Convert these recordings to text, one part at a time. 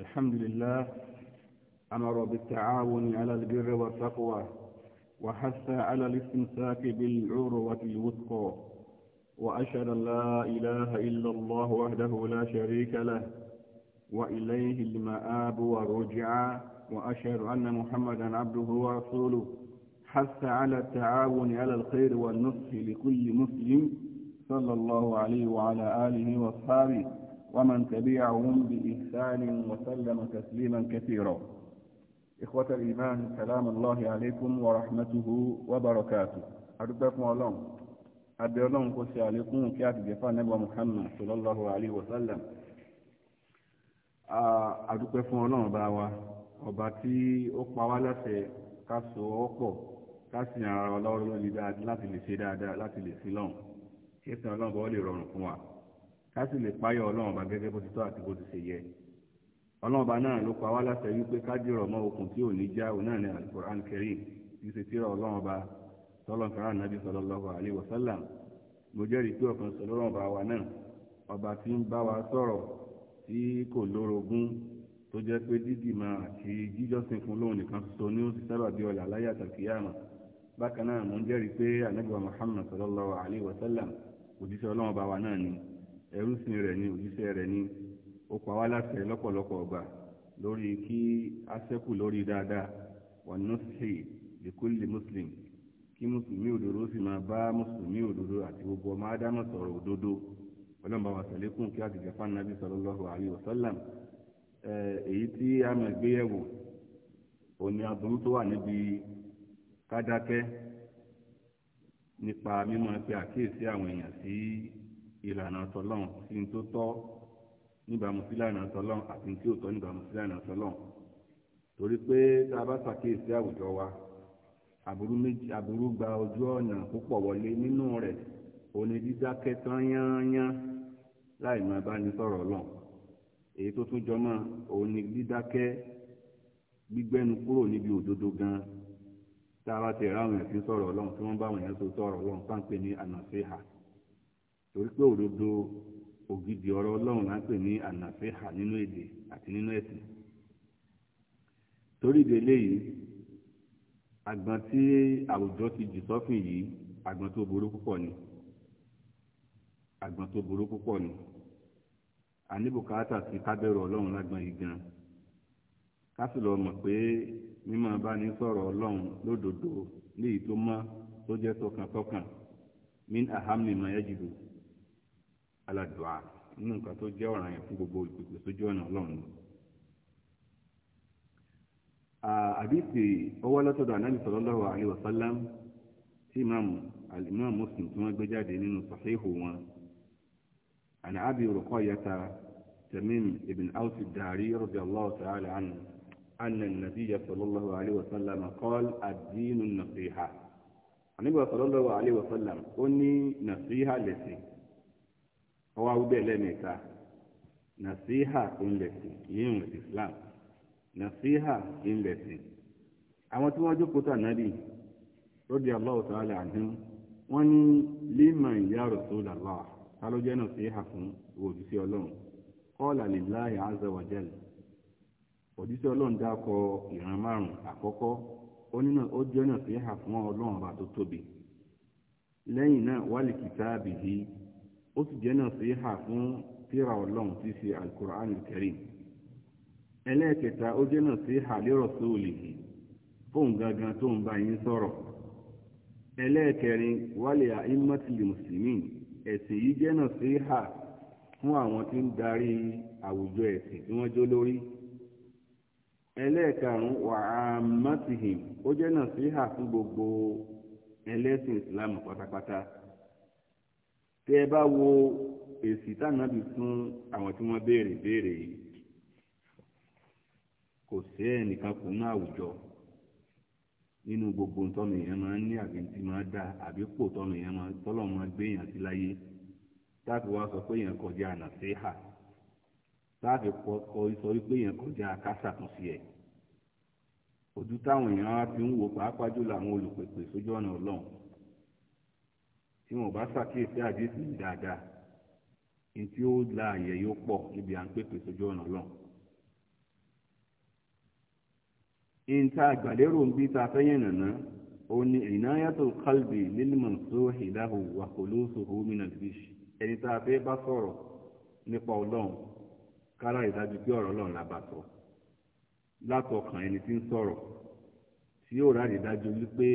الحمد لله أمر بالتعاون على البر والتقوى وحث على الاستمساك بالعروة الوثقى وأشهد أن لا إله إلا الله وحده لا شريك له وإليه المآب والرجعى وأشهد أن محمدا عبده ورسوله حث على التعاون على الخير والنصح لكل مسلم صلى الله عليه وعلى آله وأصحابه ومن تبعهم بإحسان وسلم تسليما كثيرا إخوة الإيمان سلام الله عليكم ورحمته وبركاته أردكم الله أبي الله كسي عليكم كيات جفا نبوى محمد صلى الله عليه وسلم adúpẹ́ fún ọlọ́run ọba وباتي ọba tí ó pa wá láṣẹ ká so ọ̀pọ̀ ká sì ara wa lọ́wọ́ lórí láti lè ṣe ká sì lè páyọ̀ ọlọ́run ọba gẹ́gẹ́ bó ti tọ́ àti bó ti ṣe yẹ ọlọ́run ọba náà ló pa wá láṣẹ wípé ká dìrọ̀ mọ́ okùn tí ò ní já òun náà ní alukur'an kẹrin kì í ṣe tíra ọlọ́run ọba tọ́lọ́nkàrà nàbí sallallahu alaihi wasallam mo jẹ́rìí pé ọ̀kan sọ lọ́rùn ọba wa náà ọba tí ń bá wa sọ̀rọ̀ tí kò lórogún tó jẹ́ pé dídìmọ̀ àti jíjọ́sìn fún lóun nìkan ṣoṣo ní ó sì sábà bí ọlà láyé àtàkìyàmà bákan náà mo jẹ́rìí pé ànábì Muhammad sallallahu alaihi wasallam òjíṣẹ́ ọlọ́run ọba wa náà ni ẹrúsìn rẹ̀ ni òjíṣẹ́ rẹ̀ ni ó pa wá láṣẹ lọ́pọ̀lọpọ̀ ọgbà lórí kí a ṣẹ́kù lórí dáadáa wọn náà sì lèkúlè muslim kí mùsùlùmí òdodo sì máa bá mùsùlùmí òdodo àti gbogbo ọmọ ádámọ̀ sọ̀rọ̀ òdodo ọlọ́mọba wa sàlékún kí àtìgẹ́ fanabi sallallahu alaihi wasallam èyí tí a máa gbé yẹ̀wò òní aburú tó wà níbi kádákẹ́ nípa mímọ̀ pé àkíyèsí àwọn èèyàn sí. Si, ìlànà tọlọ́n sí ní tó tọ́ níbàámu sí ìlànà tọlọ́n àti ní tí ò tọ́ níbàámu sí ìlànà tọlọ́n torí pé tá a bá ṣàkíyèsí àwùjọ wa àbúrú méjì àbúrú gba ojú ọ̀nà púpọ̀ wọlé nínú rẹ̀ òní dídákẹ́ tán yányán láì máa bá ní sọ̀rọ̀ lọ́n èyí tó tún jọmọ́ òní dídákẹ́ gbígbẹ́nu kúrò níbi òdodo gan tá ti fi sọ̀rọ̀ tí bá tó sọ̀rọ̀ lọ ní torí pé òdodo ògidì ọ̀rọ̀ ọlọ́run la ń pè ní ànàfẹ́hà nínú èdè àti nínú ẹ̀sìn torí ìdè eléyìí àgbọn tí àwùjọ ti jù sọ́fìn yìí àgbọn tó burú púpọ̀ ni àgbọn tó burú púpọ̀ ni àníbùkátà sí kábẹ́rù ọlọ́run lágbọn yìí gan ká sì lọ mọ̀ pé mímọ́ bá ní sọ̀rọ̀ ọlọ́run lódodo léyìí tó mọ́ tó jẹ́ tọkàntọkàn min ahamni mayajibu aládùá nínú nǹkan tó jẹ́ ọ̀ràn yẹn fún gbogbo ìpèpè sójú ọ̀nà ọlọ́run ni. àdìsí ọwọ́ látọ̀dọ̀ anábì sallallahu lọ́wọ́ wasallam tí ìmáàmù al-imam muslim tí wọ́n gbé jáde nínú sahihu wọn عن أبي رقية تميم بن أوس الداري رضي الله تعالى عنه أن النبي صلى الله عليه وسلم قال الدين النصيحة النبي صلى الله عليه ó ní nàfíhà لسي ọwọ́ awúbẹ̀ lẹ́mẹ̀ta nàṣíhà ńlẹ̀sìn yíyún islam nasiha ńlẹ̀sìn àwọn tí wọ́n jókòó tà náà rí lóde aláwọ̀ sàálẹ̀ àdín wọ́n ní liman ya Rasulullah ta ló jẹ́ nàṣíhà fún òjísé ọlọ́run kọ́ọ̀là lillahi azza wa òjísé ọlọ́run dákọ ìran márùn-ún àkọ́kọ́ onínà ó jẹ́ nàṣíhà fún ọlọ́run bá tó tóbi lẹ́yìn náà wálé kìtàbìhì ó sì jẹ́ náà síhà fún tírà ọlọ́run tí ṣe alukur'an karim ẹlẹ́ẹ̀kẹta ó jẹ́ náà síhà lérò sóòlì fóun gangan tó ń bá yín sọ̀rọ̀ ẹlẹ́ẹ̀kẹrin wálé àìmọ́tìlì mùsùlùmí ẹ̀sìn yìí jẹ́ náà síhà fún àwọn tí ń darí àwùjọ ẹ̀sìn tí wọ́n jó lórí ẹlẹ́ẹ̀karùn-ún ó jẹ́ náà fún gbogbo ẹlẹ́sìn islam pátápátá. tẹ́ ẹ bá wo èsì tánàbì fún àwọn tí wọ́n béèrè béèrè yìí kò sí ẹnìkan kù ní àwùjọ nínú gbogbo ntọ́nù yẹn máa ń ní àbíntí máa dá àbí pò tọ́nù yẹn máa tọ́lọ̀ máa gbé èèyàn sí láyé táàbí wá sọ pé èèyàn kọjá hà táàbí kọ sọ pé èèyàn kọjá akásàtúnṣe ẹ̀ ojú táwọn èèyàn á fi ń wo pàápàá jùlọ àwọn olùpèpè sójú ọ̀nà ọlọ́run tí wọn bá ṣàkíyèsí àdéhùn yìí dáadáa ní tí ó la àyè yóò pọ̀ níbi à ń pèpè sójú ọ̀nà lọ. ìta àgbàlérò ń bí ta fẹ́yìn nàná ó ní ìnáyàtò kalbi lílmọ̀ tó ìdáhù wà kò lóṣù homina fish ẹni tá a fẹ́ bá sọ̀rọ̀ nípa ọlọ́run kára ìdájú pé ọ̀rọ̀ ọlọ́run la bá sọ látọkàn ẹni tí ń sọ̀rọ̀ tí yóò ráàyè dájú wípé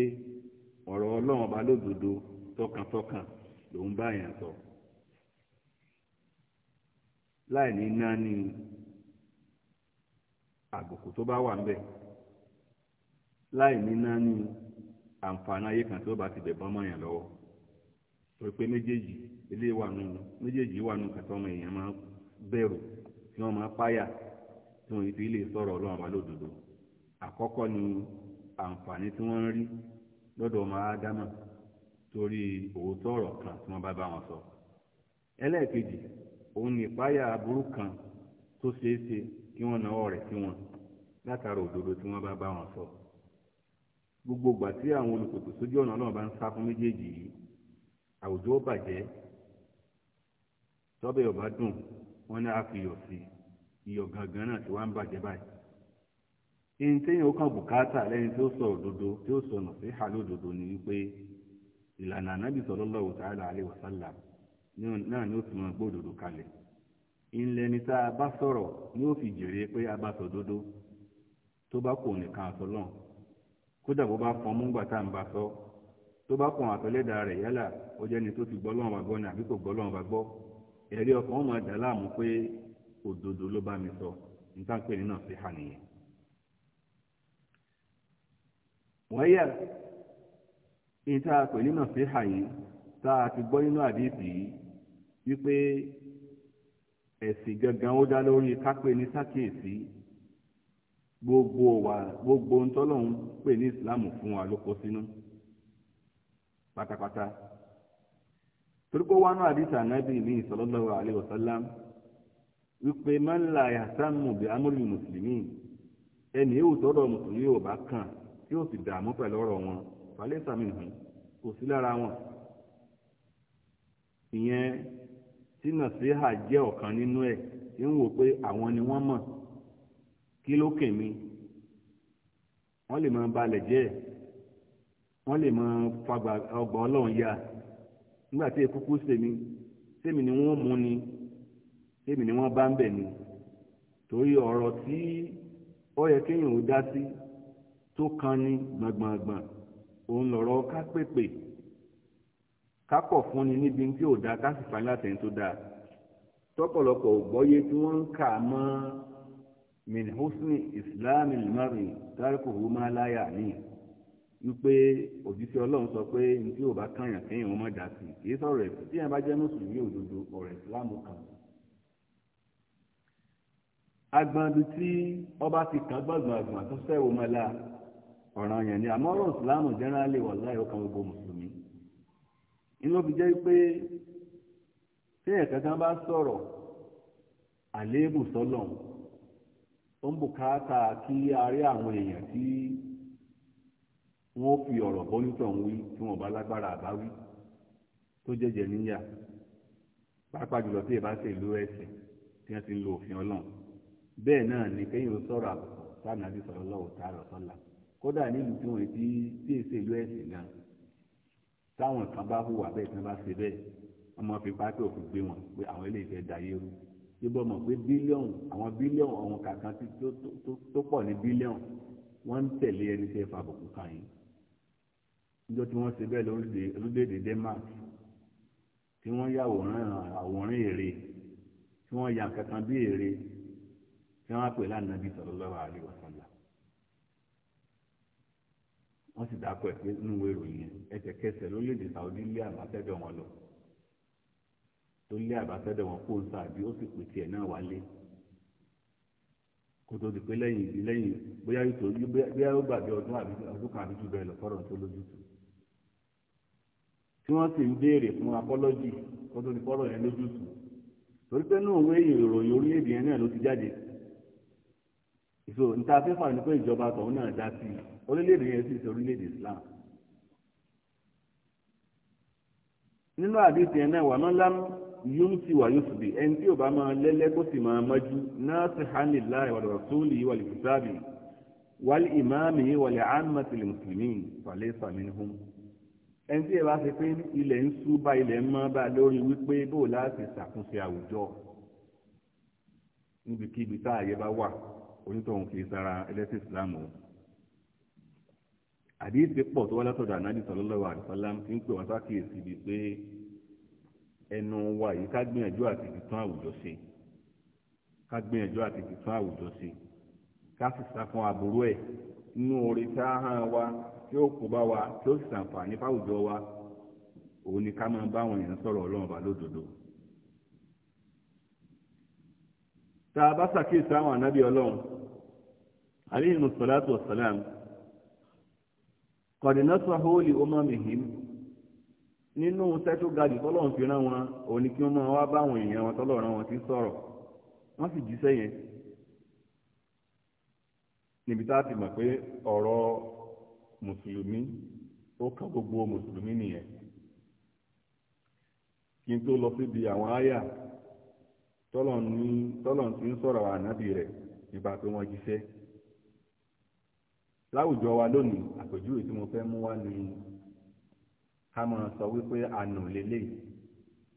ọ̀rọ̀ ọlọ́run ọba lódodo tọkàntọkàn lòún bá yàn sọ láì ní náání àbùkù tó bá wà ń bẹ láì ní náání àǹfààní ayé kan tí ó bá ti bẹ̀ bọ́n mọ́ yàn lọ́wọ́ torí pé méjèèjì ilé wà nù méjèèjì wà nù kàtọ́ ọmọ èèyàn máa bẹ̀rù tí wọ́n máa páyà tí wọ́n fi lè sọ̀rọ̀ ọlọ́run wa lódodo àkọ́kọ́ ni àǹfààní tí wọ́n ń rí lọ́dọ̀ ọmọ ádámà torí òótọ́ ọ̀rọ̀ kan tí wọ́n bá bá wọn sọ ẹlẹ́ẹ̀kejì òun ní ìpáyà aburú kan tó ṣeé ṣe kí wọ́n náwó rẹ̀ sí wọn látara òdodo tí wọ́n bá bá wọn sọ gbogbo ìgbà tí àwọn olùkòtò sójú ọ̀nà náà bá ń sá fún méjèèjì yìí àwùjọ ó bàjẹ́ tọ́bẹ̀ ọ̀bá dùn wọ́n ní àfihàn sí iyọ̀ gangan náà tí wọ́n ń bàjẹ́ báyìí ẹni téèyàn ó kàn bùkátà lẹ́yìn tí ó sọ òdodo tí ó sọ ọ̀nà sí hàlódodo ni wípé ìlànà ànábì sallallahu ta'ala alaihi wasallam náà ni ó ti mọ gbódòdó kalẹ̀ ìlẹ́ni tá a bá sọ̀rọ̀ ni ó fi jèrè pé a bá sọ dodo tó bá kò nìkan àtọ́lọ́n kódà bó bá fọn múngbà tá à ń bá sọ tó bá kàn rẹ̀ yálà ó jẹ́ni tó ti bá gbọ́ ni àbí kò bá gbọ́ ẹ̀rí ọkàn wọn dà láàmú pé ló bá mi sọ wáyà ní tá a pè nínà sí àyè tá a ti gbọ́ nínú àdéhùn yìí wípé ẹ̀sìn gangan ó dá lórí kápẹ́ ní sákèésí gbogbo wa gbogbo ohun tọ́lọ́hún pè ní ìsìláàmù fún wa ló kó sínú pátápátá torí pé wánú àdìsá nábì ní sallallahu alaihi wasallam wípé man la yahtammu bi amri mùsùlùmí ẹnì èwù tọ́rọ̀ mùsùlùmí ò bá kàn tí ó sì dààmú pẹ̀lú ọ̀rọ̀ wọn falẹ́ sàmì hàn kò sí lára wọn ìyẹn tí nàṣíhà jẹ́ ọ̀kan nínú ẹ̀ tí ń wò pé àwọn ni wọ́n mọ̀ kí ló kè mí wọ́n lè máa balẹ̀ jẹ́ ẹ̀ wọ́n lè máa fagbà ọgbà ọlọ́run ya nígbà tí ekúkú òun lọ̀rọ̀ ká pèpè ká fúnni níbi tí ò dáa ká sì fa látẹ̀yìn tó dáa tọ́pọ̀lọpọ̀ ògbọ́yé tí wọ́n ń kà mọ́ min islami mari tarikuhu ma láyà wípé òjíṣẹ́ ọlọ́run sọ pé ní tí ò bá kàyàn kéèyàn wọn sí kì í sọ̀rọ̀ ẹ̀sìn tí yẹn bá jẹ́ mùsùlùmí òdodo ọ̀rọ̀ ìsìláàmù kan agbandu tí ti kàn ọ̀ràn yẹn ni àmọ́ ọ̀rọ̀ ìsìláàmù jẹ́nẹ́rálì wà láì ọkàn gbogbo mùsùlùmí inú fi jẹ́ pé tí ẹ̀ka kan bá sọ̀rọ̀ àléébù sọ́lọ̀ ó ń bùkátà kí a àwọn èèyàn tí wọ́n fi ọ̀rọ̀ bọ́nítọ̀ ń wí tí wọ́n bá lágbára àbáwí tó jẹ́jẹ́ níyà jùlọ tí ìbá ṣe ìlú ẹ̀sìn tí wọ́n ti kódà nílùú tí wọ́n ti tí èsè ìlú ẹ̀sìn gan táwọn kan bá hùwà bẹ́ẹ̀ tí wọ́n bá ṣe bẹ́ẹ̀ wọ́n máa fi pápẹ òfin gbé wọn pé àwọn ilé ìfẹ́ dayé rú síbọ̀ mọ̀ pé bílíọ̀nù àwọn bílíọ̀nù ọ̀hún kankan tó pọ̀ ní bílíọ̀nù wọ́n ń tẹ̀lé ẹni tẹ́ fa àbùkù kan yìí níjọ́ tí wọ́n ṣe bẹ́ẹ̀ lórílẹ̀‐èdè Denmark tí wọ́n yàwòrán àwòrán èrè tí wọ́n ya kankan bí èrè tí wọ́n á pè lánàá bí sallallahu alaihi wasallam wọ́n sì dákọ̀ ẹ̀ pé inú ìwé ìròyìn ẹsẹ̀kẹsẹ̀ lórílẹ̀‐èdè Saudi lé àbáfẹ́dọ̀ wọn lọ tó lé àbáfẹ́dọ̀ wọn kó ń sàbí ó sì pèsè ẹ̀ náà wálé kó tó di pé lẹ́yìn ìdí lẹ́yìn bóyá ètò bóyá ó gbàgbé ọdún àbí ọdún kan àbí jù bẹ́ẹ̀ lọ fọ́rọ̀ tó lójútùú tí wọ́n sì ń béèrè fún apọ́lọ́jì kó tó di fọ́rọ̀ yẹn lójútùú torí pé náà wé ìròyìn orílẹ̀-èdè yẹn náà ló ti jáde ìṣòro níta fẹ́fà ni pé ìjọba tọ̀hún náà dá sí i orílẹ̀-èdè yẹn sì ṣe orílẹ̀-èdè Islam nínú àdìsí ẹ̀ náà wà mọ́ lámú yóò ti wà yóò fi bì ẹni tí ò bá máa lẹ́lẹ́ kó sì máa mọ́jú náà sì hàn ní láì wà lọ́rọ̀ tó lè wà lè fi sáàbì wà lè ìmáàmì wà lè àmà ti lè mùsùlùmí wà lè sàmì hùm. ẹni tí ẹ bá ṣe pé ilẹ̀ ń sú bá ilẹ̀ ń mọ́ bá lórí wípé bó láti ṣàkóso àwùjọ níbikíbi tá àyè bá wà onítọ̀hún kì í sara ẹlẹ́sìn Islam o àdéhìsí pọ̀ tó wá látọ̀dọ̀ ànábì sallallahu alaihi wasallam ti ń pè wá sákìyèsí bíi pé ẹnu wa yìí ká gbìyànjú àti fi tún àwùjọ ṣe ká gbìyànjú àti fi tún àwùjọ ṣe ká sì sá fún aburú ẹ̀ inú orí tá a hàn wa tí ó kó bá wa tí ó sì sàǹfààní fáwùjọ wa òun ni ká máa bá àwọn èèyàn sọ̀rọ̀ ọlọ́run bá lódodo. tá a bá ṣàkíyèsí àwọn ànábì ọlọ́run alayhimu salatu kọ̀dínátàhó lè ọmọ mìhìm nínú sẹ́tù gàdì tọ́lọ́run fi rán wọn òun ni kí wọ́n máa wá báwọn èèyàn wọn tọ́lọ́run wọn ti sọ̀rọ̀ wọ́n sì jíṣẹ́ yẹn níbi tá a ti mọ̀ pé mùsùlùmí ó gbogbo mùsùlùmí nìyẹn kí n tó lọ síbi àwọn àyà tọ́lọ́run ti ń sọ̀rọ̀ ànábì rẹ̀ nípa pé láwùjọ wa lónìí àpèjúwe tí mo fẹ́ mú wá ni ká máa sọ wípé ànà lélẹ́yìí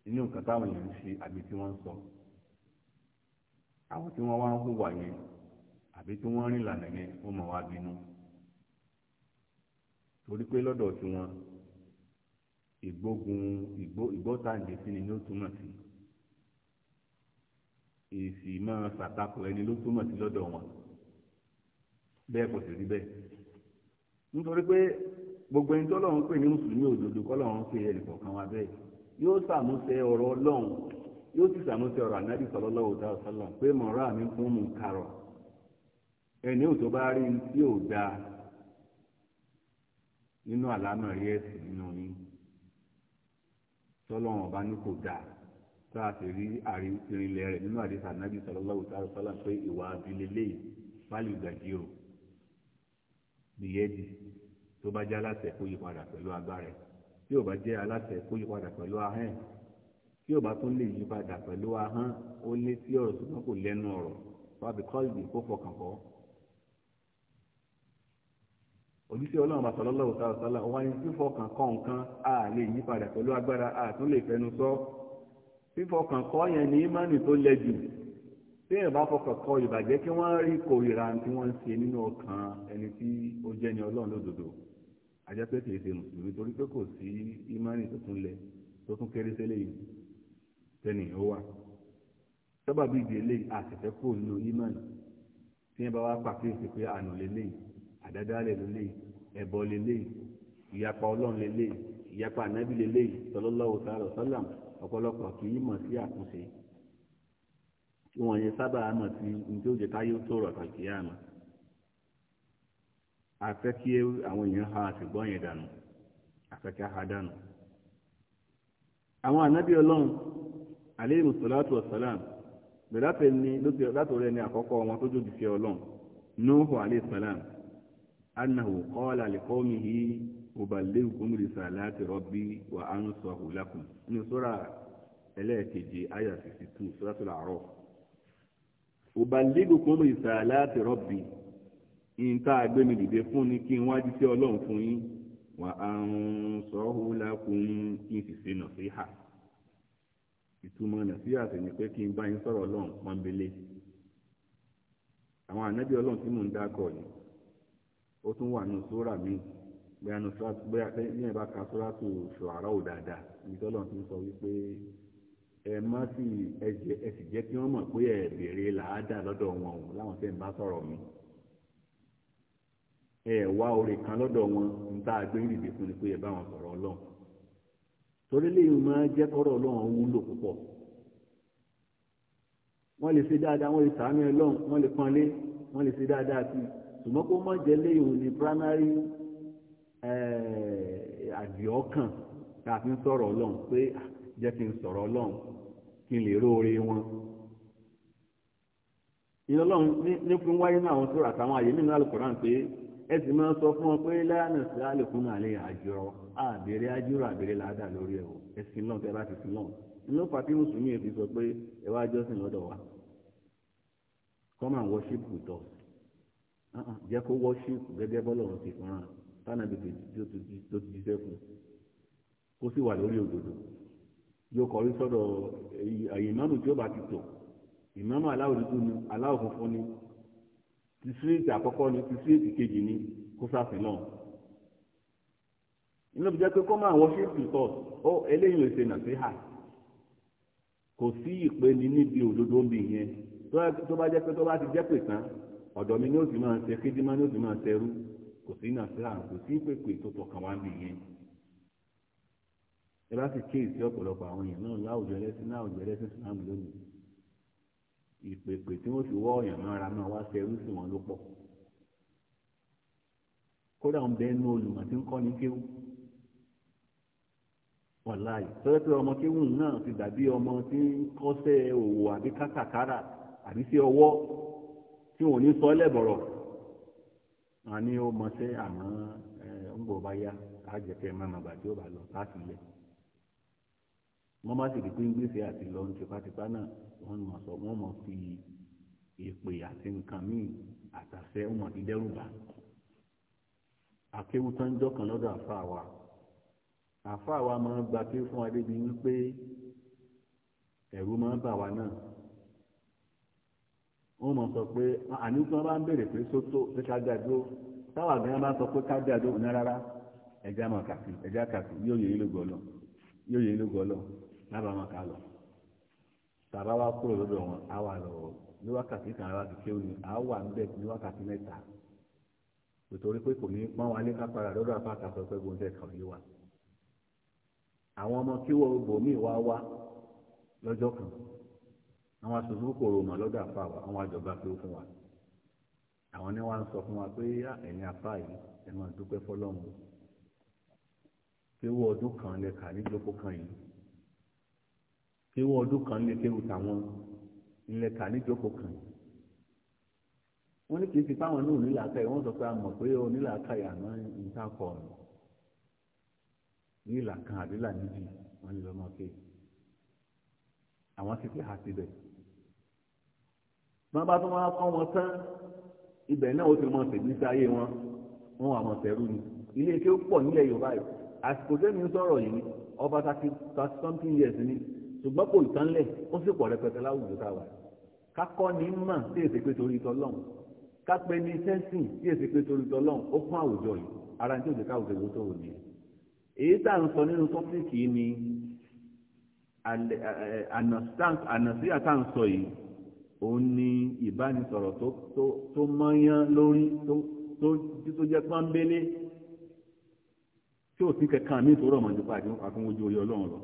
inú nǹkan táwọn èèyàn ń ṣe àbí tí wọ́n ń sọ àwọn tí wọ́n wá ń hùwà yẹn àbí tí wọ́n rìn lànà yẹn wọ́n mọ̀ wá bínú torí pé lọ́dọ̀ tiwọn ìgbógun ìgbó sí ni ló túmọ̀ sí èsì máa ṣàtakò ẹni ló túmọ̀ sí lọ́dọ̀ wọn bẹ́ẹ̀ kò sì rí bẹ́ẹ̀ nítorí pé gbogbo ẹni tọ́lọ́run pè ní mùsùlùmí òdodo kọ́lọ́run pè ẹnìkọ̀ọ̀kan wa bẹ́ẹ̀ yóò sàmúsẹ ọ̀rọ̀ ọlọ́run yóò sì sàmúsẹ ọ̀rọ̀ pé mọ̀rọ̀ àmì fún mú karọ̀ ẹni ò tó bá rí tí ò nínú rí ẹ̀sìn nínú tọ́lọ́run ọba bìyẹ́dì tó bá jẹ́ aláṣẹ kó yí padà pẹ̀lú agbára ẹ̀ tí ò bá jẹ́ aláṣẹ kó yí padà pẹ̀lú ahẹ́n tí ò bá tún lè yí padà pẹ̀lú ahọ́n ó lé sí ọ̀rọ̀ ṣùgbọ́n kò lẹ́nu ọ̀rọ̀ fàbí kọ́ọ̀lì kó fọkàn kọ́. òjísé ọlọ́run bàtà lọ́lọ́wọ́ sáà sálà wọ́n ní fífọkàn kọ́ nǹkan a lè yí pẹ̀lú agbára a tún lè fẹnu sọ fífọkàn kọ́ yẹn ní ìmánì tó lẹ téèyàn bá fọkàn kọ ìbàjẹ́ kí wọ́n rí kórìíra tí wọ́n ń ṣe nínú ọkàn ẹni tí ó jẹ́ ni ọlọ́run lódodo àjẹpẹ́ kìí ṣe mùsùlùmí torí pé kò sí imani tó tún lẹ tó tún kéré sẹ́lẹ̀ yìí tẹ́nì ó wà sábà bí ìdí eléyìí àtẹ̀fẹ́ kò nínú ìmánì téèyàn bá wá pàkíyèsí pé àná lélẹ́yìí àdádálẹ̀ lélẹ́yìí ẹ̀bọ lélẹ́yìí ìyapa ọlọ́run lélẹ́yìí ìyapa ànábì lélẹ́yìí sallallahu ta'ala sallam ọ̀pọ̀lọpọ̀ kì í mọ̀ sí àtúnṣe ìwọ̀n yẹn sábà mọ̀ sí nítorí òjò táyé tó rọ̀ tàbí àmọ́ àfẹ́ kí àwọn èèyàn ha àtìgbọ́n yẹn dànù àfẹ́ kí a ha dànù. àwọn ànábì ọlọ́run alayhi salatu wassalam bẹ̀rẹ̀ látòrí ẹni àkọ́kọ́ wọn tó jòdì sí ọlọ́run nuhu alayhi salam annahu qala liqawmihi uballighukum risalati rabbi wa ansahu lakum ní sura ẹlẹ́ẹ̀kejì ayà 62 suratul A'raf ubaligukum risalati rabbi yín tá a gbé mi dìde fún ni kí n wá jí sí ọlọ́run fún yín wa ansahu lakum kí n sì ṣe nàṣíhà ìtumọ̀ nàṣíhà sì ni pé kí n bá yín sọ̀rọ̀ ọlọ́run pọ́nbélé àwọn ànábì ọlọ́run tí mò ń dákọ̀ yìí ó tún wà nù sóra míì bóyá nù sóra bóyá ní bá ka sóra tó ṣòwárọ̀ ò dáadáa ìtọ́lọ́run ti sọ wípé ẹ má sì ẹjẹ ẹ sì jẹ́ kí wọ́n mọ̀ pé ẹ béèrè làádà lọ́dọ̀ wọn o láwọn tẹ́ ń bá sọ̀rọ̀ mi ẹ wá oore kan lọ́dọ̀ wọn ń tá a gbé ìdìbò fún ni pé ẹ bá wọn sọ̀rọ̀ ọlọ́run torí lẹ́yìn máa jẹ́ kọ́rọ̀ ọlọ́run wúlò púpọ̀ wọ́n lè ṣe dáadáa wọ́n lè sàánú ẹ lọ́run wọ́n lè pọ́nlé wọ́n lè ṣe dáadáa sí i ṣùgbọ́n kó mọ̀ jẹ́ lẹ́yìn ní primary àdìọ́kàn tá a fi ń sọ̀rọ̀ ọlọ́run pé ah, jẹ́ kí n sọ̀rọ̀ ọlọ́run kí n lè róore wọn ìyẹn ọlọ́run ní fún wáyé náà àwọn tó rà táwọn àyè nínú alukọ̀rán pé ẹ sì máa sọ fún wọn pé láàánú sí àlékún náà lè àjọ àbèrè àjúrò àbèrè làádà lórí ẹ̀ o ẹ sì náà tẹ́ bá ti sí náà inú pàtí mùsùlùmí èfi sọ pé ẹ wá jọ́sìn lọ́dọ̀ wa come and worship with us jẹ́ kó worship gẹ́gẹ́ bọ́lọ́run ti fọ́nrán tánàbí tó ti jíṣẹ́ fún kó sì wà lórí òdodo yóò kọrí sọ́dọ̀ ìmáàmù tí ó bá ti tò ìmáàmù aláwọ̀ dúdú ni aláwọ̀ funfun ni ti síríìtì àkọ́kọ́ ni ti síríìtì kejì ni kó sáfin náà inú bí jẹ́ pé kó máa worship resort ó eléyìí lè ṣe nàṣíhà kò sí ìpeni níbi òdodo ń bì yẹn tó bá jẹ́ pé tó bá ti jẹ́ pè tán ọ̀dọ̀ mi ni ó sì máa ń ṣe kéjìmá ni ó sì máa ń ṣerú kò sí nàṣíhà kò sí ìpèpè tó tọkàn wá ń yẹn. ẹ bá sì kéèsì ọ̀pọ̀lọpọ̀ àwọn èèyàn náà láwùjọ ẹlẹ́sìn láwùjọ ẹlẹ́sìn lónìí ìpèpè tí wọ́n fi wọ́ ọ̀yàn náà ra náà wá ṣerú sí wọn ló pọ̀ kódà ń bẹ́ẹ̀ nu olùmọ̀ tí ń kọ́ ní kéwù tọ́jọ́ pé ọmọ kéwù náà ti dàbí ọmọ tí ń òwò àbí àbí sí ọwọ́ tí ní sọ lẹ́bọ̀rọ̀ ó mọṣẹ́ àmọ́ ń bọ̀ bá yá jẹ́ kẹ́ ẹ wọ́n má sì rí pé gbèsè àti lọ ní tipátipá náà wọ́n mọ̀ sọ wọ́n mọ̀ fi èpè àti nǹkan míì àtàṣẹ wọ́n mọ̀ fi dẹ́rù bà. akéwù tán jọ́ kan lọ́dọ̀ àfáà wa àfáà wa máa ń gba pé fún wa débi wípé ẹ̀rù máa ń bà wá náà wọ́n mọ̀ sọ pé àní tí wọ́n bá ń bèrè pé sótó pé ká dájọ́ táwa gan bá sọ pé ká dájọ́ ní rárá ẹja mọ̀ kàfi ẹja kàfi yóò yẹ ilé gọlọ yóò yẹ ilé gọlọ lábàá máa kà á lọ tàbá wa kúrò lọ́dọ̀ wọn á wà lọ ní wákàtí kan àwa ti ni á wà ń bẹ̀ ní wákàtí mẹ́ta nítorí pé kò ní pọ́n wálé ká padà lọ́dọ̀ àpáta sọ pé gbọ́dọ̀ kàn yí wa àwọn ọmọ kí wọ́n bòmí wá wá lọ́jọ́ kan àwọn aṣojú kòrò mọ̀ lọ́dọ̀ àfa wa àwọn àjọba pé ó fún wa àwọn ni wọ́n sọ fún wa pé ẹ̀yin afa yìí ẹ̀ máa dúpẹ́ fọlọ́run pé owó ọdún kan lẹ́ka níjókòó kan yìí kéwọ́ ọdún kan lè kéwù tàwọn ilẹ̀ kà níjókòó kan wọ́n ní kì í fi fáwọn ní onílàákà yìí wọ́n sọ pé a mọ̀ pé onílàákà yìí àná nǹkan kọ̀ ọ̀nà ní ìlà kan àbí ìlà méjì wọ́n lè lọ́mọ pé àwọn sì ti há síbẹ̀ bá bá tó máa kọ́ wọn tán ibẹ̀ náà ó ti mọ tèmi sí ayé wọn wọn wà mọ̀ tẹ̀rù ni ilé ike ó pọ̀ nílẹ̀ Yorùbá yìí àsìkò tẹ́mi sọ̀rọ̀ yìí ọba thirty something years ni ṣùgbọ́n kò tán lẹ̀ ó sì pọ̀ rẹpẹtẹ láwùjọ tá a wà kákọ́ ní mọ̀ tí èsì pé torí tọ́lọ́hún kápẹ́ ní sẹ́sìn tí èsì pé torí tọ́lọ́hún ó fún àwùjọ yìí ara ní òjò káwùjọ yìí tó wò ní. èyí tá à ń sọ nínú tọ́pìkì yìí ni ànàsí àtà ń sọ yìí òun ni ìbánisọ̀rọ̀ tó mọ́yán lórí tó jẹ́ pọ́nbélé tí ò sí kẹkàn mí tó rọ̀ mọ́ nípa àti àfihàn ojú oyè ọlọ́run lọ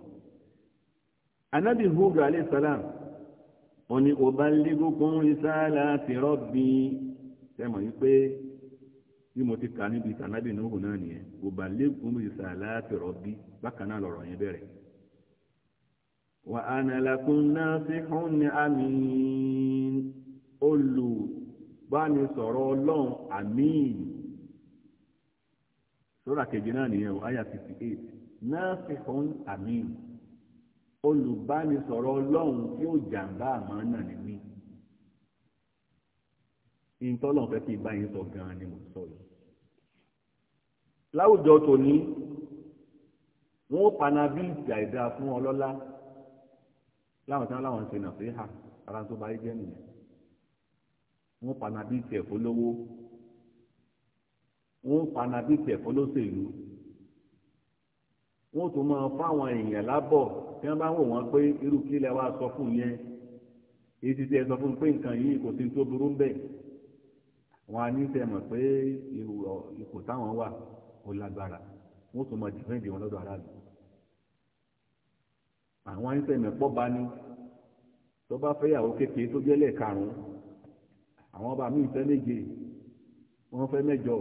anabi Hud alayhi salam ó ní uballighukum risalati rabbi sẹ́mọ̀ yìí pé bí mo ti kà níbi tànàbì Nuhu náà nìyẹn uballighukum risalati rabbi bákan náà lọ̀rọ̀ yẹn bẹ̀rẹ̀ wa ana lakum nasihun amin olùbánisọ̀rọ̀ ọlọ́run amin sura kejì náà nìyẹn o aya fifty nasihun amin olùbánisọ̀rọ̀ ọlọ́run tí ó jàǹbá àmọ́ náà ni mí ìtọ́lọ̀ fẹ́ kí ibà sọ gan-an ni mo sọ yìí. láwùjọ tòní wọn ó panabiliti àìdá fún ọlọ́lá láwọn tí wọn láwọn ń ṣe nàfíhà ara tó bá yé jẹ́ nìyẹn wọn ó panabiliti ẹ̀fọ́ lówó wọn ó panabiliti ẹ̀fọ́ lóṣèlú wọ́n tún máa fáwọn èèyàn lábọ̀ tí wọ́n bá wò wọ́n pé irú kí lẹ wá sọ fún yẹn èyí ti tẹ sọ fún pé nǹkan yìí kò sí tó burú ń bẹ̀ wọ́n á ní tẹ mọ̀ pé ipò táwọn wà ó lágbára wọ́n tún máa dìfẹ́ǹdì wọn lọ́dọ̀ aráàlú àwọn àìsàn pọ̀ bá ní tó bá fẹ́ yàwó kékeré tó jẹ́ lẹ́ẹ̀karùn àwọn ọba míì fẹ́ méje wọ́n fẹ́ mẹ́jọ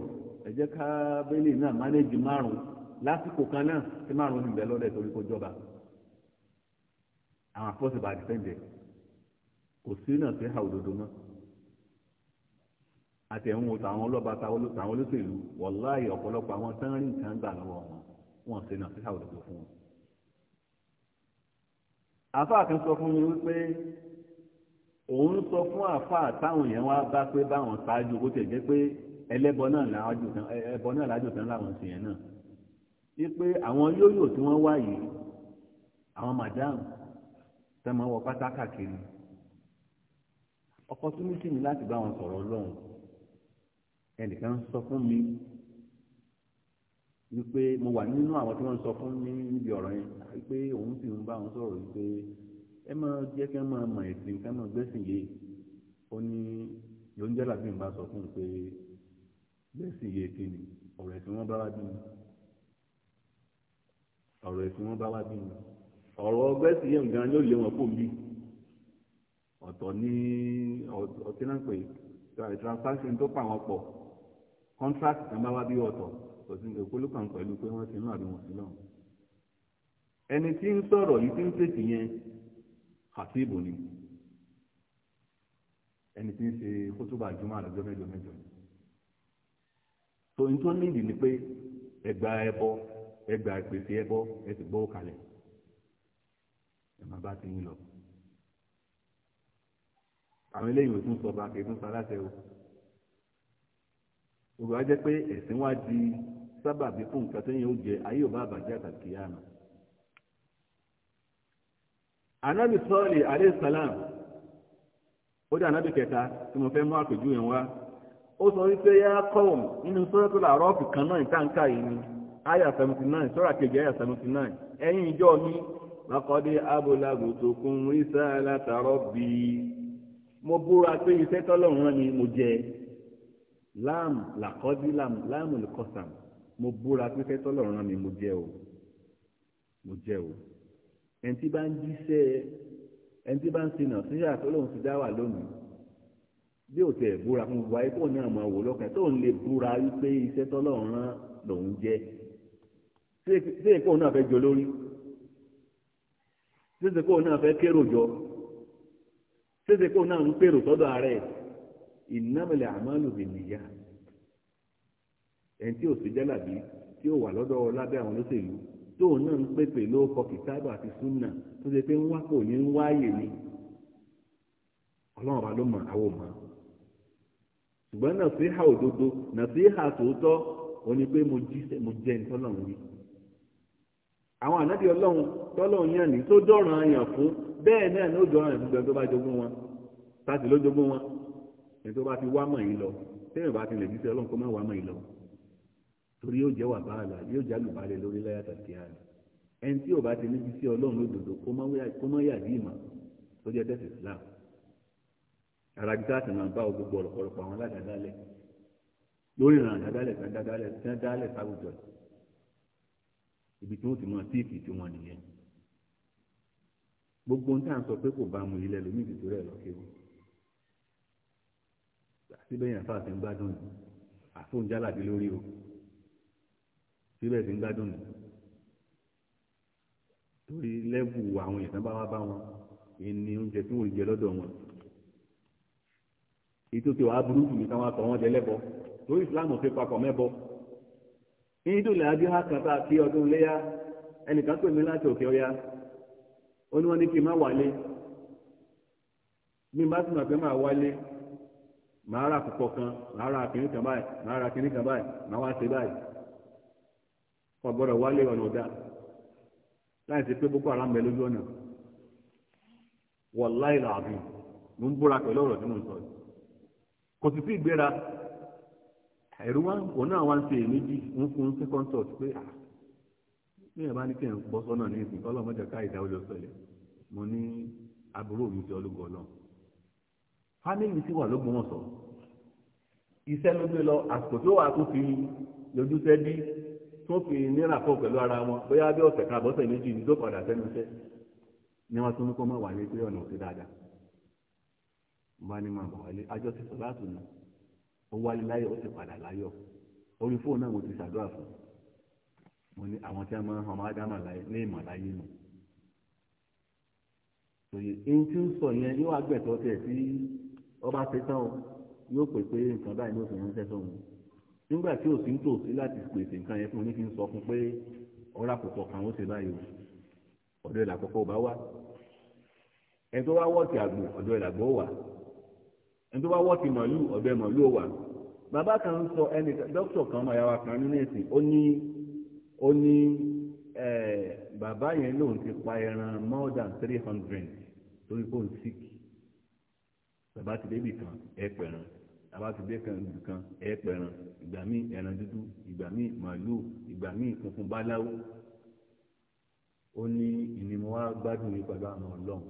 ẹ jẹ́ ká bẹ́lẹ̀ náà mánéjì márùn lásìkò kan náà tí márùn ún ìbẹ̀ lọ́dẹ̀ torí kó jọba àwọn afọ́sibà àdìsẹ́ǹdẹ̀ kò sí náà sí ha òdodo mọ́ àti ẹ̀hún tàwọn ọlọ́ba tàwọn olóṣèlú wọ̀láyé ọ̀pọ̀lọpọ̀ àwọn tán rí nǹkan gbà lọ́wọ́ wọn wọn sí náà sí ha òdodo fún wọn. àfáà kan sọ fún mi wípé òun sọ fún àfáà táwọn èèyàn wá bá pé báwọn ṣáájú kó tẹ̀ jẹ́ pé ẹlẹ́bọ náà lájò tán láwọn ṣèyàn náà wípé àwọn yóyò tí wọ́n wá yìí àwọn madam tẹ́ máa wọ pátá káàkiri opportunity mi láti bá wọn sọ̀rọ̀ lọ́hùn ẹnìkan sọ fún mi wípé mo wà nínú àwọn tí wọ́n sọ fún mi níbi ọ̀rọ̀ yẹn wípé òun sì ń bá wọn sọ̀rọ̀ wípé ẹ máa jẹ́ kí wọ́n máa mọ̀ ẹ̀sìn kí wọ́n máa gbẹ́sìn yé ó ní yóò ń jẹ́ làbí ń bá sọ fún un pé gbẹ́sìn yé kí ni ọ̀rọ̀ ẹ̀sìn wọn bá wá bí mi ọ̀rọ̀ ẹ̀sìn wọn bá wá bí mi ọ̀rọ̀ ọgbẹ́ sì yẹn gan yóò lé wọn kó mi ọ̀tọ̀ ní ọtí náà pé transaction tó pa wọn pọ̀ contract kan bá wá bí ọ̀tọ̀ kò sí nǹkan kólú kan pẹ̀lú pé wọ́n ti ń lọ àbí wọ́n ti lọ. ẹni tí ń sọ̀rọ̀ yìí tí ń fèsì yẹn kàtíìbù ni ẹni tí ń ṣe kótóbà jùmọ̀ àlọ́jọ́ mẹ́jọ mẹ́jọ. tó ń tó nídìí ni pé ẹgbàá ẹbọ ẹ gba gbèsè ẹbọ ẹ sì gbọ́ kalẹ̀ ẹ má bá ti yín lọ. àwọn eléyìí ò tún sọ bá kìí tún sọ aláṣẹ o. gbogbo wa pé ẹ̀sìn wa di sábàbí fún nǹkan tó yẹn ó jẹ ayé ò bá bàjẹ́ àtàkì yá nù. anabi sọ́ọ̀lì alayhi ó dé anabi kẹta tí mo fẹ́ mú àpèjú yẹn wá ó sọ wípé yá kọ́ọ̀mù nínú sọ́ọ̀tù làárọ̀ ọ̀fù kan náà ìtànká yìí ni. àyà seventy nine sọ́ra kejì àyà seventy nine ẹ̀yin ìjọ mi lakọ́dé abúlágù tó kún rísà látàrọ́ bí mo búra pé iṣẹ́ tọ́lọ́run ni mo jẹ láàmù làkọ́dí láàmù láàmù lùkọ́sàm mo búra pé iṣẹ́ tọ́lọ́run ni mo jẹ o mo jẹ o ẹni tí bá ń jíṣẹ́ ẹni tí bá ń sinà síṣà tọ́lọ́run ti dá wà lónìí bí o búra fún gbogbo ayé kó ní àmọ́ wò tó ń lè búra wípé iṣẹ́ tọ́lọ́run lòún jẹ́ ṣé èkó náà fẹ́ jọ lórí ṣé èkó náà fẹ́ kérò jọ ṣé èkó náà ń pèrò sọ́dọ̀ ààrẹ ìnámẹ̀lẹ̀ àmọ́lù bìnnìyà ẹni tí ò sí jálàbí tí ó wà lọ́dọ̀ lábẹ́ àwọn olóṣèlú tóun náà ń pèpè ló kọ kìtáàbù àti súnà tó ṣe pé ń wá kò ní ń wáyè ni ọlọ́run ọba ló mọ àwọn ò mọ ṣùgbọ́n nàṣíhà òdodo nàṣíhà tòótọ́ òní pé mo jẹ́ nítorí ọlọ́run yìí àwọn ànábì ọlọ́run tọ́lọ́run yàn ní tó dọ̀ràn yàn fún bẹ́ẹ̀ náà ní ó dọ̀ràn yàn fún gbẹ̀rún tó bá jogún wọn sáàtì ló jogún wọn ẹni tó bá ti wá mọ̀ yìí lọ téèyàn bá ti lè jíṣẹ́ ọlọ́run kó má wá mọ̀ yìí lọ torí yóò jẹ́ wà báàlà yóò jálù balẹ̀ lórí láyàtọ̀ sí àná ẹni tí ò bá ti níbi sí ọlọ́run lódodo kó má yà bí ìmọ̀ tó jẹ́ tẹ̀sí Islam arabi tá a ti máa bá gbogbo ọ̀rọ̀pọ̀rọ̀pọ̀ ibi tí wọ́n ti máa tíìkì tí wọ́n nìyẹn gbogbo ohun tí à ń sọ pé kò bá mu ilẹ̀ lómi ìdìtò rẹ̀ lọ́kẹ́ o síbẹ̀ yẹn àfa àti ń gbádùn ní àfóúnjálàbí lórí o síbẹ̀ ti ń gbádùn ní torí lẹ́bù àwọn èèyàn bá wá bá wọn ìní oúnjẹ tí wọ́n jẹ lọ́dọ̀ wọn ètò tí wàá burú jù táwọn akọ̀ wọn jẹ lẹ́bọ torí ìsìláàmù fi papọ̀ mẹ́bọ ní ìdòlẹ̀ abíhá kàtà kí ọdún léyá ẹnìkan pè mí láti òkè ọya ó ní wọ́n ní kí n má wálé mi bá sì pé máa wálé màá ra púpọ̀ kan màá ra kìnní kan báyìí màá ra kìnní kan báyìí màá wá ṣe báyìí boko haram bẹ lójú ọ̀nà wọ̀láì mo ń búra pẹ̀lú ọ̀rọ̀ ẹ̀rú wa òun náà wá ń ṣe èméjì ń fún second thought pé à ní ẹ̀bá ní kí n bọ́ sọ́nà ní ìsìn kọ́lọ́ mọ́jọ ká mo ní àbúrò mi ti ọlọ́gọ́ náà fámìlì sì wà lógun wọn sọ iṣẹ́ ló gbé lọ àsìkò tó wà tó fi ara wọn bóyá bí ọ̀sẹ̀ ka àbọ̀sẹ̀ méjì ní tó padà sẹ́nu iṣẹ́ ni wọ́n tún ní kó wà ní pé ọ̀nà òsì dáadáa mo ó wáyé láyọ̀ ó sì padà láyọ̀ orí fóònù náà mo ti ṣàdúrà fún mo ní àwọn tí a máa ń han ọmọ ádámà ní ìmọ̀ láyé nù òye eyín tí ń sọ yẹn yóò agbẹ̀tọ́ tiẹ̀ tí ọba ṣe tán o yóò pè pé nǹkan báyìí ní òsì ránṣẹ́ sóhun nígbà tí òsì ń tòsí láti pèsè nǹkan yẹn fún un ní fi ń sọ fún pé ọ̀rá kò kọ̀ọ̀kan ó ṣe báyìí o ọ̀dọ̀ ìlà àkọ́kọ́ ò bá wà ẹ̀ tó wá wọ́ọ̀tì àgbò ọ̀dọ̀ ìlà àgbò wà ẹni tó bá wọ́ọ̀tì màálù ọ̀bẹ màálù ó wà bàbá kan ń sọ ẹni dókítà kan máa yára kan nínú ẹ̀sìn ó ní ó ní bàbá yẹn lòun ti pa ẹran more than three hundred torí kò ń sick bàbá ti débi kan ẹ pẹ̀ràn bàbá ti dé kan ibi kan ẹ pẹ̀ràn ìgbà míì ẹran dúdú ìgbà míì màálù ìgbà míì funfun báláwo ó ní ìnimọ̀ wá gbádùn ní pẹ̀lú àwọn ọlọ́run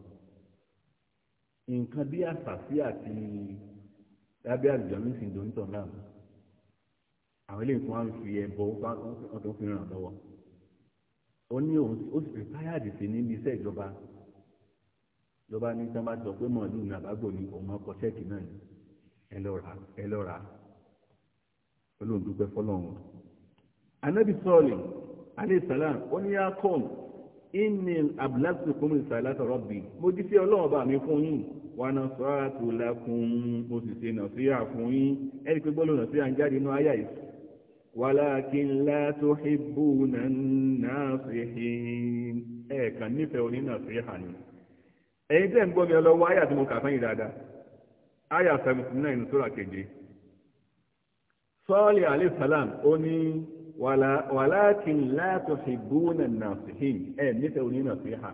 nǹkan bí àṣàṣì àti lábẹ́ àlùjọ́nù sì ń dòńtọ̀ náà àwọn eléyìí tí wọ́n fi ẹbọ wọ́n tó fi ràn lọ́wọ́ ó ní òun ó sì rìtáyàdì sí níbi iṣẹ́ ìjọba ìjọba ní tí wọ́n bá sọ pé mọ̀ọ́lù nàbàgbò ni òun ọkọ̀ ṣẹ́ẹ̀kì náà ni ẹ lọ́ra ẹ lọ́ra olóńdúpẹ́ fọlọ́run. anábì sọ́ọ̀lì alẹ́ sàlám ó ní yá kọ́ọ̀nù inni abúlásù kúmù ìsàlátà rọ́bì mo jí sí ọlọ́run ọba mi fún yín wà náà sọ àtò lákùn mo sì ṣe nà sí àfún yín ẹni pé gbọ́dọ̀ nà sí à ń jáde inú ayà yìí wà láàkín látó hibú náà sí hin ẹ̀ẹ̀kan nífẹ̀ẹ́ onínà sí hàní ẹ̀yin tẹ́ ń gbọ́ mi ọlọ́wọ́ ayà tí mo kà fẹ́yìn dáadáa ayà seventy nine sóra keje sọ́ọ̀lì alayhi salam ó ní wàláàkín láàtọ̀ ìbúnà nàfihìn ẹ̀ nífẹ̀ẹ́ onínàfihà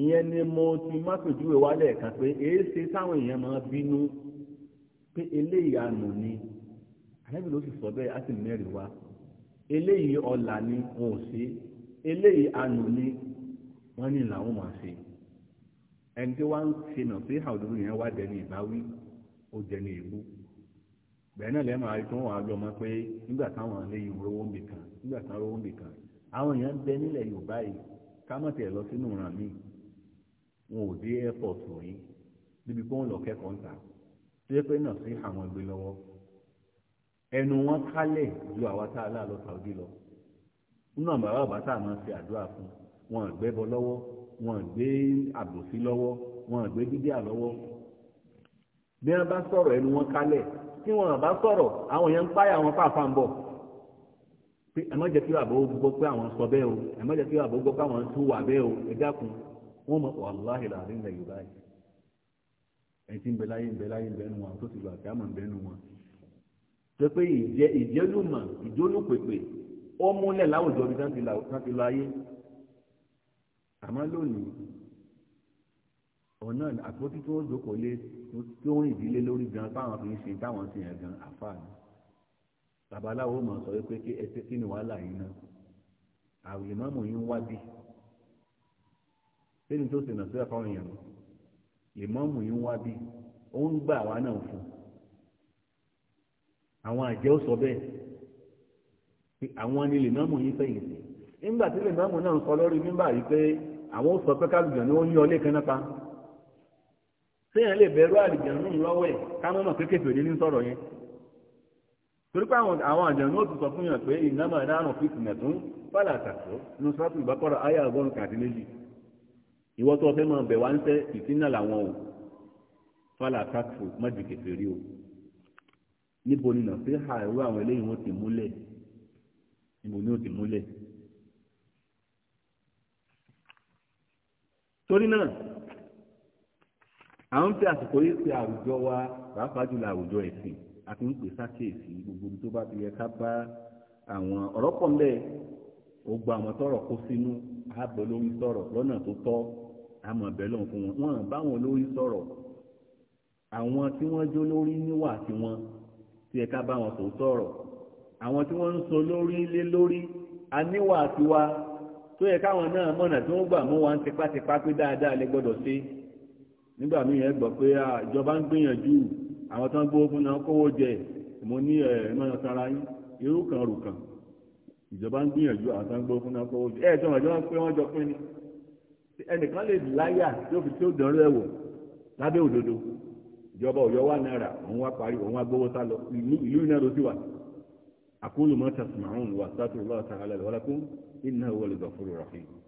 ìyẹn ni mo ti má pèjúwe wálẹ̀ kan pé èéṣe táwọn èèyàn máa bínú pé eléyìí àánú ni àlẹ́bí ló sì sọ bẹ́ẹ̀ á sì mẹ́rin wá eléyìí ọ̀là ni wọn ò ṣe eléyìí àánú ni wọ́n ní làwọn máa ṣe ẹni tí wọ́n ń ṣe nàfihà òdòdó yẹn wá dẹni ìbáwí ó dẹni ìbú bẹ̀rẹ̀ náà lẹ́mọ̀ àrí tó wọ́n àjọ mọ́ pé nígbà táwọn ilé yìí rówó ń bì kan nígbà táwọn rówó ń bì kan àwọn èèyàn ń bẹ nílẹ̀ Yorùbá yìí ká mọ̀ tẹ̀ lọ sínú ìran míì wọn ò dé airport rí níbi pé wọ́n lọ kẹ́kọ̀ọ́ ń ta tó yẹ pé náà sí àwọn ìgbé lọ́wọ́ ẹnu wọn kálẹ̀ ju àwa tá a lá lọ Saudi lọ nínú àwọn bàbá bàbá tá a máa fi àdúrà fún wọn gbẹ́bọ lọ́wọ́ wọn gbé àbòsí lọ́wọ́ wọn gbé dídíà lọ́wọ́ bí wọn bá sọ̀rọ̀ ẹnu wọn kálẹ̀ tí wọ́n bá sọ̀rọ̀ àwọn èèyàn ń páyà wọn pàápàá ń bọ̀ pé ẹ má jẹ́ kí bàbá ó gbọ́ pé àwọn sọ bẹ́ẹ̀ o ẹ má jẹ́ kí bàbá ó gbọ́ pé àwọn tún wà bẹ́ẹ̀ o ẹ dákun wọ́n mọ̀ wàláhì láàrin ilẹ̀ yorùbá yìí ẹ ti ń bẹ láyé ń bẹ láyé ń bẹ nu wọn tó ti lọ àti àmọ̀ ń bẹ nu wọn. sọ pé ìjẹ ìjẹlùmọ̀ ìjólùpèpè ó múlẹ̀ láwùjọ bí sáà ti lọ ayé àmọ́ lónìí òun náà àpótí tí wọ́n jókòó lé tí ó ń ìdílé lórí gan táwọn fi ń ṣe táwọn sì yàn gan àfáà ni babaláwo mọ̀ sọ wípé kí ẹ kí ni wàhálà yìí náà àwọn ìmáàmù yìí ń wá bí lẹ́yìn tó sì nà sí ẹ̀fọ́ yẹn ìmáàmù yìí ń wá bí ó ń gbà wá náà fún àwọn àjẹ́ ó sọ bẹ́ẹ̀ àwọn ni lèmọ́mù yìí fẹ̀yìn sí nígbà tí lèmọ́mù náà ń sọ lórí mímbà yìí pé àwọn ó sọ pé kálùjọ ni ó ń yọ ilé pa séèyàn lè bẹ̀rù àlìjẹ̀nù lọ́wọ́ ẹ̀ káwọn mọ̀ pé kèfèrí ní sọ̀rọ̀ yẹn torí pé àwọn àwọn àjẹ̀nù ó ti sọ fún yàn pé ìnáma ìdáhùn fi tìmẹ̀ tún fàlà àtàkó ní sọ́ọ̀tù ìbákọ́rọ̀ ayé ọgọ́rùn kàdí méjì ìwọ́ tó fẹ́ máa bẹ̀ wá ń tẹ́ ìtínà làwọn o fàlà àtàkó má ju kèfèrí o níbo ni nà sí ha irú àwọn eléyìí wọn ti múlẹ̀ níbo ni ó ti múlẹ̀ à ń fi àsìkò yìí ṣe àwùjọ wa pàápàá jùlọ àwùjọ ẹ̀sìn àti ń pè sákèèsí gbogbo ibi tó bá ti yẹ ká bá àwọn ọ̀rọ̀ pọ̀ ńlẹ̀ gbogbo àwọn tọrọ kó sínú ààbò lórí sọ̀rọ̀ lọ́nà tó tọ́ àmọ̀ bẹ́ẹ̀ lọ́n fún wọn wọn báwọn lórí sọ̀rọ̀ àwọn tí wọ́n jó lórí níwà tí tí ẹ ká bá wọn tó sọ̀rọ̀ àwọn tí wọ́n ń sọ lórí lé lórí aníwà tiwa tó yẹ káwọn náà mọ̀nà tí wọ́n gbà mú wa ń tipátipá pé dáadáa lè gbọ́dọ̀ ṣe nígbà míì ẹ gbọ́ pé ah, ìjọba ń gbìyànjú àwọn tó ń gbówó fún náà kówó jẹ mo ní ẹ mọ́nà sára yín irú kan rù kan ìjọba ń gbìyànjú àwọn tó ń gbówó fún náà kówó jẹ ẹ tí wọn jọ ń pé wọn jọ pín ni ẹnìkan lè láyà tó fi tó dánrú ẹ wò lábẹ́ òdodo ìjọba ọ̀yọ́ wà náírà òun wá parí òun wá gbówó sálọ ìlú iná ló sì wà àkúlùmọ́ tàṣùmáhùn wà sátúrú lọ́ọ̀tà alẹ́ lọ́lá kún iná wọlé gbàfúrú rà fún yìí.